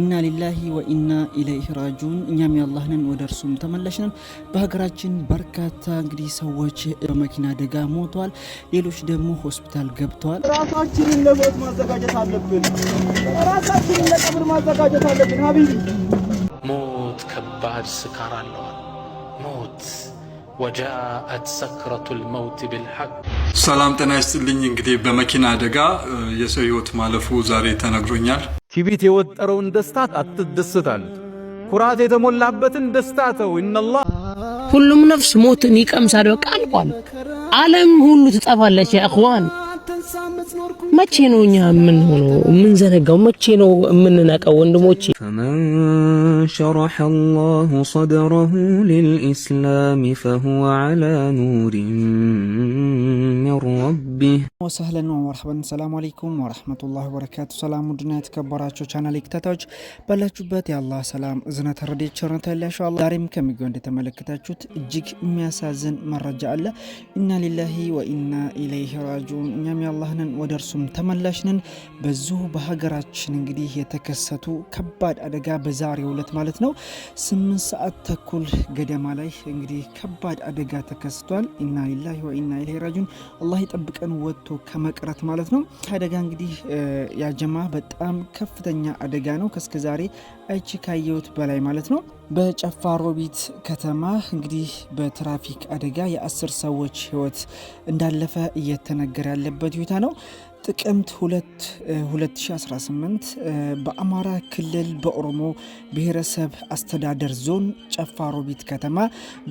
ኢና ሊላሂ ወኢና ኢለይህ ራጁን እኛም ያላህንን ወደ እርሱም ተመለሽንም። በሀገራችን በርካታ እንግዲህ ሰዎች በመኪና አደጋ ሞተዋል፣ ሌሎች ደግሞ ሆስፒታል ገብተዋል። ራሳችንን ለሞት ማዘጋጀት አለብን። ራሳችንን ለቀብር ማዘጋጀት አለብን። ሀቢቢ ሞት ከባድ ስካር አለዋል። ሞት ወጃአት ሰክረቱል መውት ብልሐቅ ሰላም ጤና ይስጥልኝ። እንግዲህ በመኪና አደጋ የሰው ህይወት ማለፉ ዛሬ ተነግሮኛል። ኪቢት የወጠረውን ደስታ አትደስታሉት። ኩራት የተሞላበትን ደስታ ተው። ኢነላህ ሁሉም ነፍስ ሞትን ይቀምሳል። በቃ አልቋል። ዓለም ሁሉ ትጠፋለች። ያ እኽዋን መቼ ነው እኛ የምንሆነው? የምንዘነጋው መቼ ነው የምንነቀው? ወንድሞቼ شرح الله صدره للإسلام فهو على نور من ربه وسهلا ومرحبا السلام عليكم ورحمة الله وبركاته سلام ودنا የተከበራችሁ ቻናል ተከታታዮች ባላችሁበት የአላህ ሰላም እዝነት ረድኤት ቸርነት ያላችሁ አላህ ዛሬም ከሚገው እንደተመለከታችሁት እጅግ የሚያሳዝን መረጃ አለ። ኢና ሊላሂ ወኢና ኢለይሂ ራጂዑን እኛም የአላህ ነን ወደ እርሱም ተመላሽ ነን። በዚሁ በሀገራችን እንግዲህ የተከሰቱ ከባድ አደጋ በዛሬው ዕለት ማለት ነው። ስምንት ሰዓት ተኩል ገደማ ላይ እንግዲህ ከባድ አደጋ ተከስቷል። ኢና ሊላሂ ወኢና ኢለይሂ ራጂዑን አላህ ይጠብቀን ወጥቶ ከመቅረት ማለት ነው። አደጋ እንግዲህ ያጀማ በጣም ከፍተኛ አደጋ ነው። ዛሬ አይቼ ካየሁት በላይ ማለት ነው። በጨፋሮቢት ከተማ እንግዲህ በትራፊክ አደጋ የአስር ሰዎች ህይወት እንዳለፈ እየተነገረ ያለበት ሁኔታ ነው። ጥቅምት 2 2018 በአማራ ክልል በኦሮሞ ብሔረሰብ አስተዳደር ዞን ጨፋሮቢት ከተማ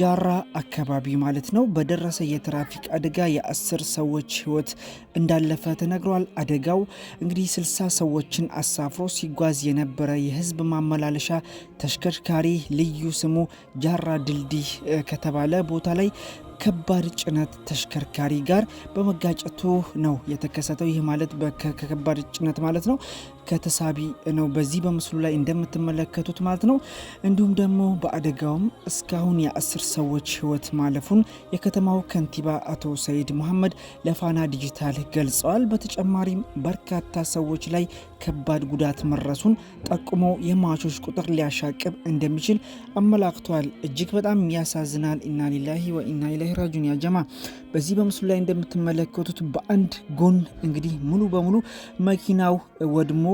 ጃራ አካባቢ ማለት ነው በደረሰ የትራፊክ አደጋ የአስር ሰዎች ህይወት እንዳለፈ ተነግሯል። አደጋው እንግዲህ 60 ሰዎችን አሳፍሮ ሲጓዝ የነበረ የህዝብ ማመላለሻ ተሽከርካሪ ልዩ ስሙ ጃራ ድልድይ ከተባለ ቦታ ላይ ከባድ ጭነት ተሽከርካሪ ጋር በመጋጨቱ ነው የተከሰተው። ይህ ማለት ከከባድ ጭነት ማለት ነው። ከተሳቢ ነው በዚህ በምስሉ ላይ እንደምትመለከቱት ማለት ነው። እንዲሁም ደግሞ በአደጋውም እስካሁን የአስር ሰዎች ህይወት ማለፉን የከተማው ከንቲባ አቶ ሰይድ መሐመድ ለፋና ዲጂታል ገልጸዋል። በተጨማሪም በርካታ ሰዎች ላይ ከባድ ጉዳት መድረሱን ጠቁሞ የሟቾች ቁጥር ሊያሻቅብ እንደሚችል አመላክቷል። እጅግ በጣም ያሳዝናል። ኢና ሊላሂ ወኢና ኢላሂ ራጂዑን ያጀማ በዚህ በምስሉ ላይ እንደምትመለከቱት በአንድ ጎን እንግዲህ ሙሉ በሙሉ መኪናው ወድሞ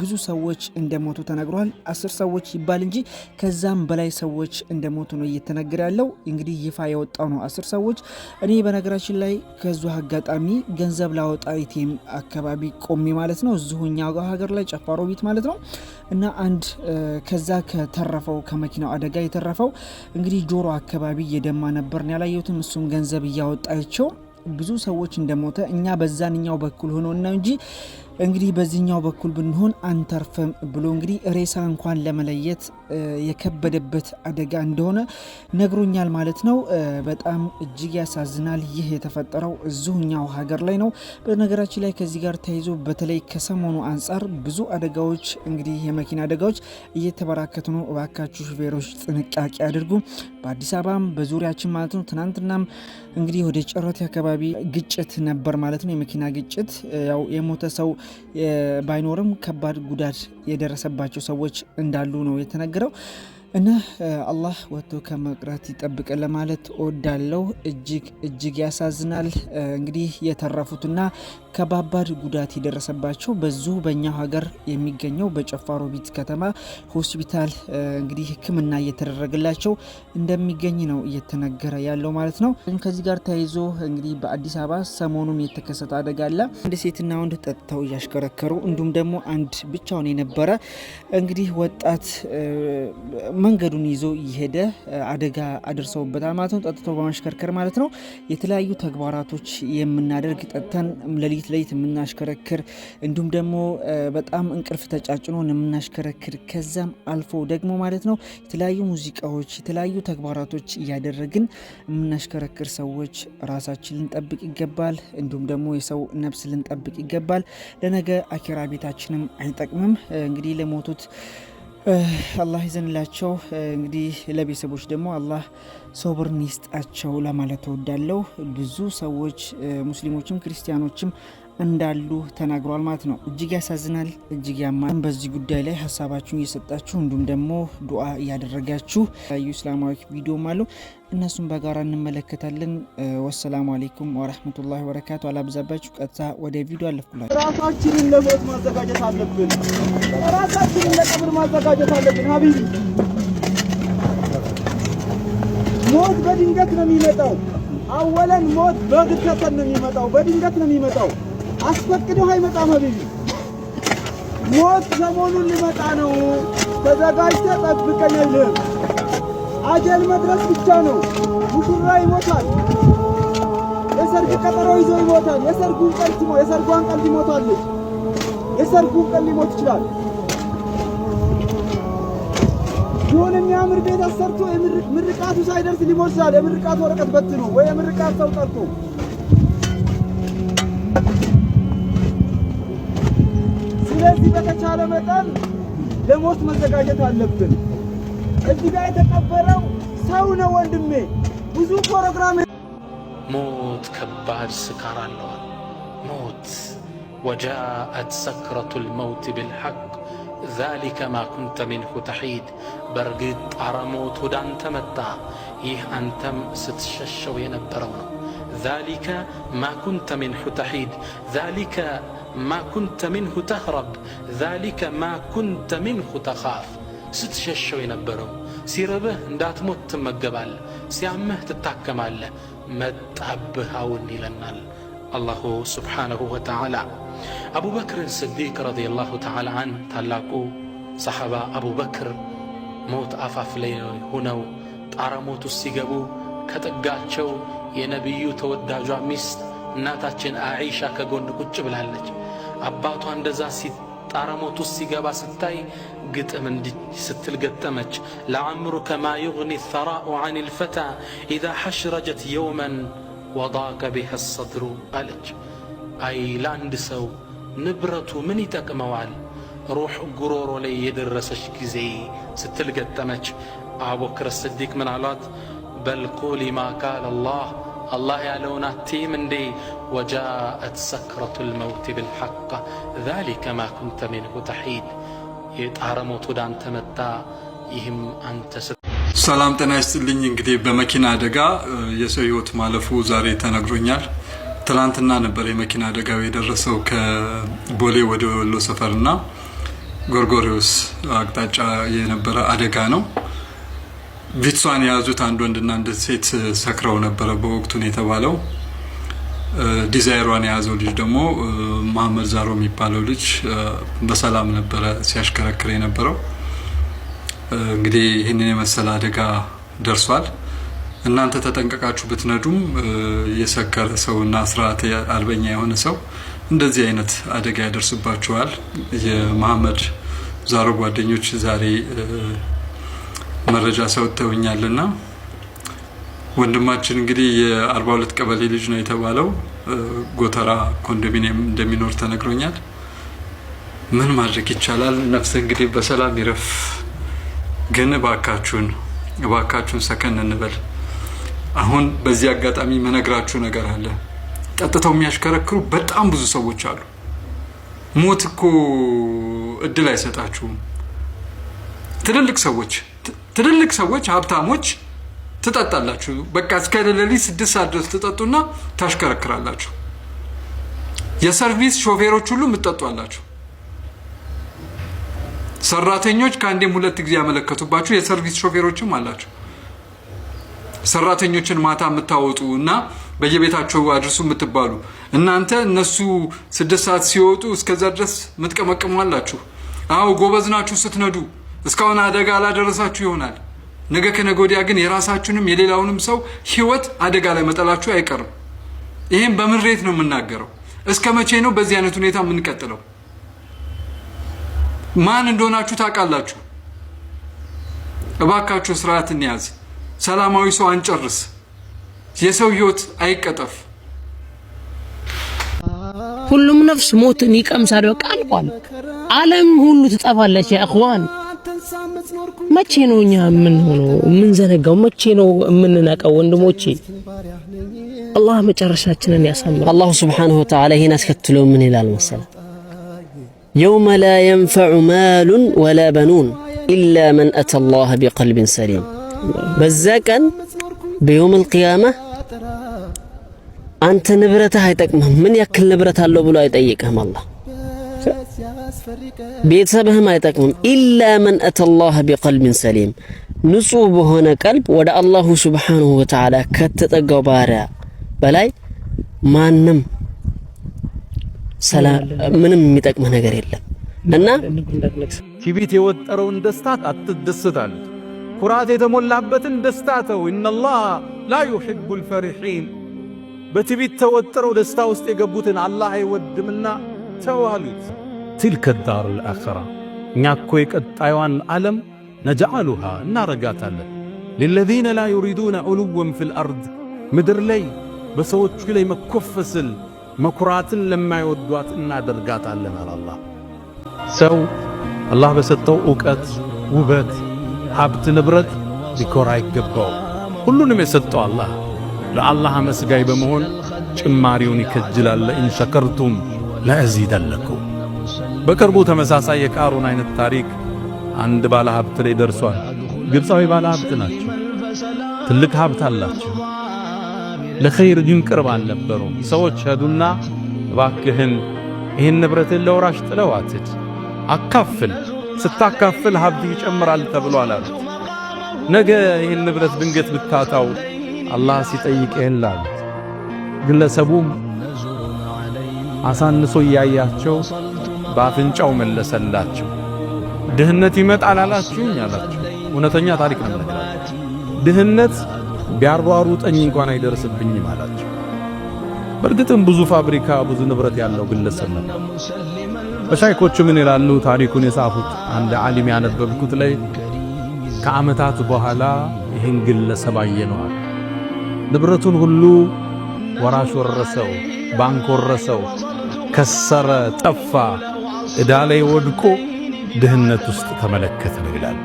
ብዙ ሰዎች እንደሞቱ ተነግሯል። አስር ሰዎች ይባል እንጂ ከዛም በላይ ሰዎች እንደሞቱ ነው እየተነገረ ያለው። እንግዲህ ይፋ የወጣው ነው አስር ሰዎች። እኔ በነገራችን ላይ ከዙ አጋጣሚ ገንዘብ ላወጣ ኢቲኤም አካባቢ ቆሜ ማለት ነው እዚሁ ሀገር ላይ ጨፋሮ ቤት ማለት ነው እና አንድ ከዛ ከተረፈው ከመኪናው አደጋ የተረፈው እንግዲህ ጆሮ አካባቢ እየደማ ነበር ነው ያላየሁትም። እሱም ገንዘብ እያወጣቸው ብዙ ሰዎች እንደሞተ እኛ በዛንኛው በኩል ሆኖ ነው እንጂ እንግዲህ በዚህኛው በኩል ብንሆን አንተርፍም ብሎ እንግዲህ ሬሳ እንኳን ለመለየት የከበደበት አደጋ እንደሆነ ነግሮኛል ማለት ነው። በጣም እጅግ ያሳዝናል። ይህ የተፈጠረው እዚሁኛው ሀገር ላይ ነው። በነገራችን ላይ ከዚህ ጋር ተያይዞ በተለይ ከሰሞኑ አንጻር ብዙ አደጋዎች እንግዲህ የመኪና አደጋዎች እየተበራከቱ ነው። እባካችሁ ሹፌሮች ጥንቃቄ አድርጉ። በአዲስ አበባም በዙሪያችን ማለት ነው። ትናንትናም እንግዲህ ወደ ጨረቴ አካባቢ ግጭት ነበር ማለት ነው። የመኪና ግጭት ያው የሞተ ሰው ባይኖርም ከባድ ጉዳት የደረሰባቸው ሰዎች እንዳሉ ነው የተነገረው። እና አላህ ወጥቶ ከመቅረት ይጠብቅ ለማለት እወዳለሁ። እጅግ እጅግ ያሳዝናል። እንግዲህ የተረፉትና ከባባድ ጉዳት የደረሰባቸው በዚሁ በእኛው ሀገር የሚገኘው በጨፋሮ ቢት ከተማ ሆስፒታል እንግዲህ ሕክምና እየተደረገላቸው እንደሚገኝ ነው እየተነገረ ያለው ማለት ነው። ከዚህ ጋር ተያይዞ እንግዲህ በአዲስ አበባ ሰሞኑን የተከሰተ አደጋ አለ። አንድ ሴትና ወንድ ጠጥተው እያሽከረከሩ እንዲሁም ደግሞ አንድ ብቻውን የነበረ እንግዲህ ወጣት መንገዱን ይዞ እየሄደ አደጋ አድርሰውበታል ማለት ነው። ጠጥተው በማሽከርከር ማለት ነው። የተለያዩ ተግባራቶች የምናደርግ ጠጥተን ሌሊት ከሌሊት ለሊት የምናሽከረክር እንዲሁም ደግሞ በጣም እንቅልፍ ተጫጭኖን የምናሽከረክር ከዛም አልፎ ደግሞ ማለት ነው የተለያዩ ሙዚቃዎች፣ የተለያዩ ተግባራቶች እያደረግን የምናሽከረክር ሰዎች ራሳችን ልንጠብቅ ይገባል። እንዲሁም ደግሞ የሰው ነፍስ ልንጠብቅ ይገባል። ለነገ አኪራ ቤታችንም አይጠቅምም። እንግዲህ ለሞቱት አላህ ይዘንላቸው። እንግዲህ ለቤተሰቦች ደግሞ አላህ ሶብርን ይስጣቸው ለማለት እወዳለሁ። ብዙ ሰዎች ሙስሊሞችም ክርስቲያኖችም እንዳሉ ተናግሯል ማለት ነው። እጅግ ያሳዝናል፣ እጅግ ያማል። በዚህ ጉዳይ ላይ ሀሳባችሁን እየሰጣችሁ እንዲሁም ደግሞ ዱዓ እያደረጋችሁ ዩ እስላማዊ ቪዲዮም አሉ እነሱም በጋራ እንመለከታለን። ወሰላሙ አሌይኩም ወረህመቱላሂ ወበረካቱ። አላብዛባችሁ፣ ቀጥታ ወደ ቪዲዮ አለፍኩላችሁ። ራሳችንን ለሞት ማዘጋጀት አለብን። ራሳችንን ለቀብር ማዘጋጀት አለብን። ሀቢቢ ሞት በድንገት ነው የሚመጣው። አወለን ሞት በግድፈተን ነው የሚመጣው፣ በድንገት ነው የሚመጣው። አስፈቅደው አይመጣም። አብይ ሞት ሰሞኑን ሊመጣ ነው፣ ተዘጋጅተህ ጠብቀን አይልም። አጀል መድረስ ብቻ ነው። ሙሽራ ይሞታል፣ የሰርግ ቀጠሮ ይዞ ይሞታል። የሰርጉን ቀን ሞ የሰርጓን ቀን ሊሞታለች፣ የሰርጉን ቀን ሊሞት ይችላል። ይሁን የሚያምር ቤት አሰርቶ ምርቃቱ ሳይደርስ ሊሞት ይችላል። የምርቃት ወረቀት በትኑ ወይ የምርቃት ሰው ጠርቶ ስለዚህ በተቻለ መጠን ለሞት መዘጋጀት አለብን። እዚህ ጋር የተቀበረው ሰው ነው ወንድሜ። ብዙ ፕሮግራም ሞት ከባድ ስካር አለዋል። ሞት ወጃአት ሰክረቱል መውት ብልሐቅ ዛሊከ ማ ኩንተ ሚንሁ ተሒድ። በእርግጥ ጣረ ሞት ወደ አንተ መጣ። ይህ አንተም ስትሸሸው የነበረው ነው። ዛሊከ ማ ኩንተ ሚንሁ ተሒድ ዛሊከ ማ ኩንተ ሚንሁ ተህረብ ዛሊከ ማ ኩንተ ሚንሁ ተኻፍ ስትሸሸው የነበረው ሲርብህ እንዳትሞት ትመገባል ሲያምህ ትታከማለህ፣ መጣብህ አሁን ይለናል አላሁ ስብሓነሁ ወተዓላ። አቡበክርን ስዲቅ ረዲየላሁ ተዓላ አን ታላቁ ሰሓባ አቡበክር ሞት አፋፍ ላይ ሆነው ጣረ ሞቱ ሲገቡ ከጥጋቸው የነቢዩ ተወዳጇ ሚስት እናታችን አኢሻ ከጎን ቁጭ ብላለች። አባቷ እንደዛ ጣረሞት ሲገባ ስታይ ግጥም እንዲህ ስትል ገጠመች። ለዓምሩከ ማ ዩግኒ ተራኡ አን ልፈታ ኢዛ ሐሽረጀት የውመን ወዳቀ ቢሃ ሰድሩ አለች። አይ ለአንድ ሰው ንብረቱ ምን ይጠቅመዋል ሩሕ ጉሮሮ ላይ የደረሰች ጊዜ ስትል ገጠመች። አቡበክር ስዲቅ ምን አሏት? በል ቁሊ ማ ቃል አላህ አላህ ያለውን አትይም እንዴ? ወጃአት ሰክረቱል መውት ብልሐቅ ዛሊከ ማ ኩንተ ሚንሁ ተሒድ። የጣረ ሞት ወደ አንተ መጣ፣ ይህም አንተ ሰላም ጤና ይስጥልኝ። እንግዲህ በመኪና አደጋ የሰው ህይወት ማለፉ ዛሬ ተነግሮኛል። ትላንትና ነበር የመኪና አደጋው የደረሰው ከቦሌ ወደ ወሎ ሰፈርና ጎርጎሪዎስ አቅጣጫ የነበረ አደጋ ነው። ቪትሷን የያዙት አንድ ወንድና አንድ ሴት ሰክረው ነበረ በወቅቱ የተባለው። ዲዛይሯን የያዘው ልጅ ደግሞ መሀመድ ዛሮ የሚባለው ልጅ በሰላም ነበረ ሲያሽከረክር የነበረው። እንግዲህ ይህንን የመሰለ አደጋ ደርሷል። እናንተ ተጠንቀቃችሁ ብትነዱም የሰከረ ሰው እና ስርዓት አልበኛ የሆነ ሰው እንደዚህ አይነት አደጋ ያደርስባችኋል። የመሀመድ ዛሮ ጓደኞች ዛሬ መረጃ ሰውተውኛልና ወንድማችን እንግዲህ የአርባ ሁለት ቀበሌ ልጅ ነው የተባለው ጎተራ ኮንዶሚኒየም እንደሚኖር ተነግሮኛል። ምን ማድረግ ይቻላል? ነፍስ እንግዲህ በሰላም ይረፍ። ግን እባካችሁን እባካችሁን ሰከን እንበል። አሁን በዚህ አጋጣሚ መነግራችሁ ነገር አለ። ጠጥተው የሚያሽከረክሩ በጣም ብዙ ሰዎች አሉ። ሞት እኮ እድል አይሰጣችሁም። ትልልቅ ሰዎች ትልልቅ ሰዎች ሀብታሞች ትጠጣላችሁ። በቃ እስከ ሌሊት ስድስት ሰዓት ድረስ ትጠጡና ታሽከረክራላችሁ። የሰርቪስ ሾፌሮች ሁሉ ምትጠጧላችሁ። ሰራተኞች ከአንዴም ሁለት ጊዜ ያመለከቱባችሁ የሰርቪስ ሾፌሮችም አላችሁ። ሰራተኞችን ማታ የምታወጡ እና በየቤታቸው አድርሱ የምትባሉ እናንተ እነሱ ስድስት ሰዓት ሲወጡ እስከዛ ድረስ ምትቀመቅሙ አላችሁ። አዎ ጎበዝ ናችሁ ስትነዱ እስካሁን አደጋ አላደረሳችሁ ይሆናል። ነገ ከነጎዲያ ግን የራሳችሁንም የሌላውንም ሰው ህይወት አደጋ ላይ መጠላችሁ አይቀርም። ይህም በምሬት ነው የምናገረው። እስከ መቼ ነው በዚህ አይነት ሁኔታ የምንቀጥለው? ማን እንደሆናችሁ ታውቃላችሁ። እባካችሁ ስርዓት እንያዝ። ሰላማዊ ሰው አንጨርስ። የሰው ህይወት አይቀጠፍ። ሁሉም ነፍስ ሞትን ይቀምሳል። በቃ አልቋል። አለም ሁሉ ትጠፋለች። ያ እኽዋን መቼ ነው እኛ የምንሆነው? የምንዘነጋው መቼ ነው የምንነቀው? ወንድሞቼ አላህ መጨረሻችንን ያሳምር። አላሁ ስብሓነሁ ወተዓላ ይህን አስከትሎ ምን ይላል መሰለ የውመ ላ የንፈዑ ማሉን ወላ በኑን ኢላ መን አተ ላህ ቢቀልቢን ሰሊም። በዛ ቀን በየውም አልቅያማ አንተ ንብረትህ አይጠቅምህም። ምን ያክል ንብረት አለው ብሎ አይጠይቅህም አላህ ቤተሰብህም አይጠቅምም። ኢላ መን አተላህ ቢቀልብን ሰሊም ንጹህ በሆነ ቀልብ ወደ አላሁ ስብሓንሁ ወተዓላ ከተጠጋው ባሪያ በላይ ማንም ምንም የሚጠቅም ነገር የለም እና ቲቢት የወጠረውን ደስታ አትደስታል። ኩራት የተሞላበትን ደስታ ተው። ኢነላህ ላ ዩሒቡል ፈሪሒን በትቢት ተወጥረው ደስታ ውስጥ የገቡትን አላህ አይወድምና ተው አሉት። ትልከ ዳሩል አኺራ እኛ እኮ የቀጣዩዋን ዓለም ነጅዓሉሃ እናረጋታለን ሊለዚነ ላ ዩሪዱነ ዑሉወን ፊል አርድ ምድር ላይ በሰዎቹ ላይ መኮፈስን መኩራትን ለማይወዷት እናደርጋታለን አላላ ሰው አላህ በሰጠው ዕውቀት፣ ውበት፣ ሀብት፣ ንብረት ሊኮራ አይገባው። ሁሉንም የሰጠው አላህ ለአላህ አመስጋይ በመሆን ጭማሪውን ይከጅላል። ለኢን ሸከርቱም በቅርቡ ተመሳሳይ የቃሩን አይነት ታሪክ አንድ ባለ ሀብት ላይ ደርሷል። ግብፃዊ ባለ ሀብት ናቸው። ትልቅ ሀብት አላቸው። ለኸይር ግን ቅርብ አልነበሩም። ሰዎች ሄዱና እባክህን ይህን ንብረትን ለወራሽ ጥለው አትድ፣ አካፍል። ስታካፍል ሀብት ይጨምራል ተብሎ አላሉት። ነገ ይህን ንብረት ድንገት ብታጣው አላህ ሲጠይቅ ላሉት ግለሰቡም አሳንሶ እያያቸው በአፍንጫው መለሰላቸው። ድህነት ይመጣል አላችሁኝ አላቸው። እውነተኛ ታሪክ ነው። ድህነት ቢያሯሩጠኝ እንኳን አይደርስብኝም አላቸው። በእርግጥም ብዙ ፋብሪካ፣ ብዙ ንብረት ያለው ግለሰብ ነበር። በሻይኮቹ ምን ይላሉ? ታሪኩን የጻፉት አንድ ዓሊም ያነበብኩት ላይ ከዓመታት በኋላ ይህን ግለሰብ አየነዋል። ንብረቱን ሁሉ ወራሽ ወረሰው፣ ባንክ ወረሰው፣ ከሰረ፣ ጠፋ። ዕዳ ላይ ወድቆ ድህነት ውስጥ ተመለከት ነው ይላል።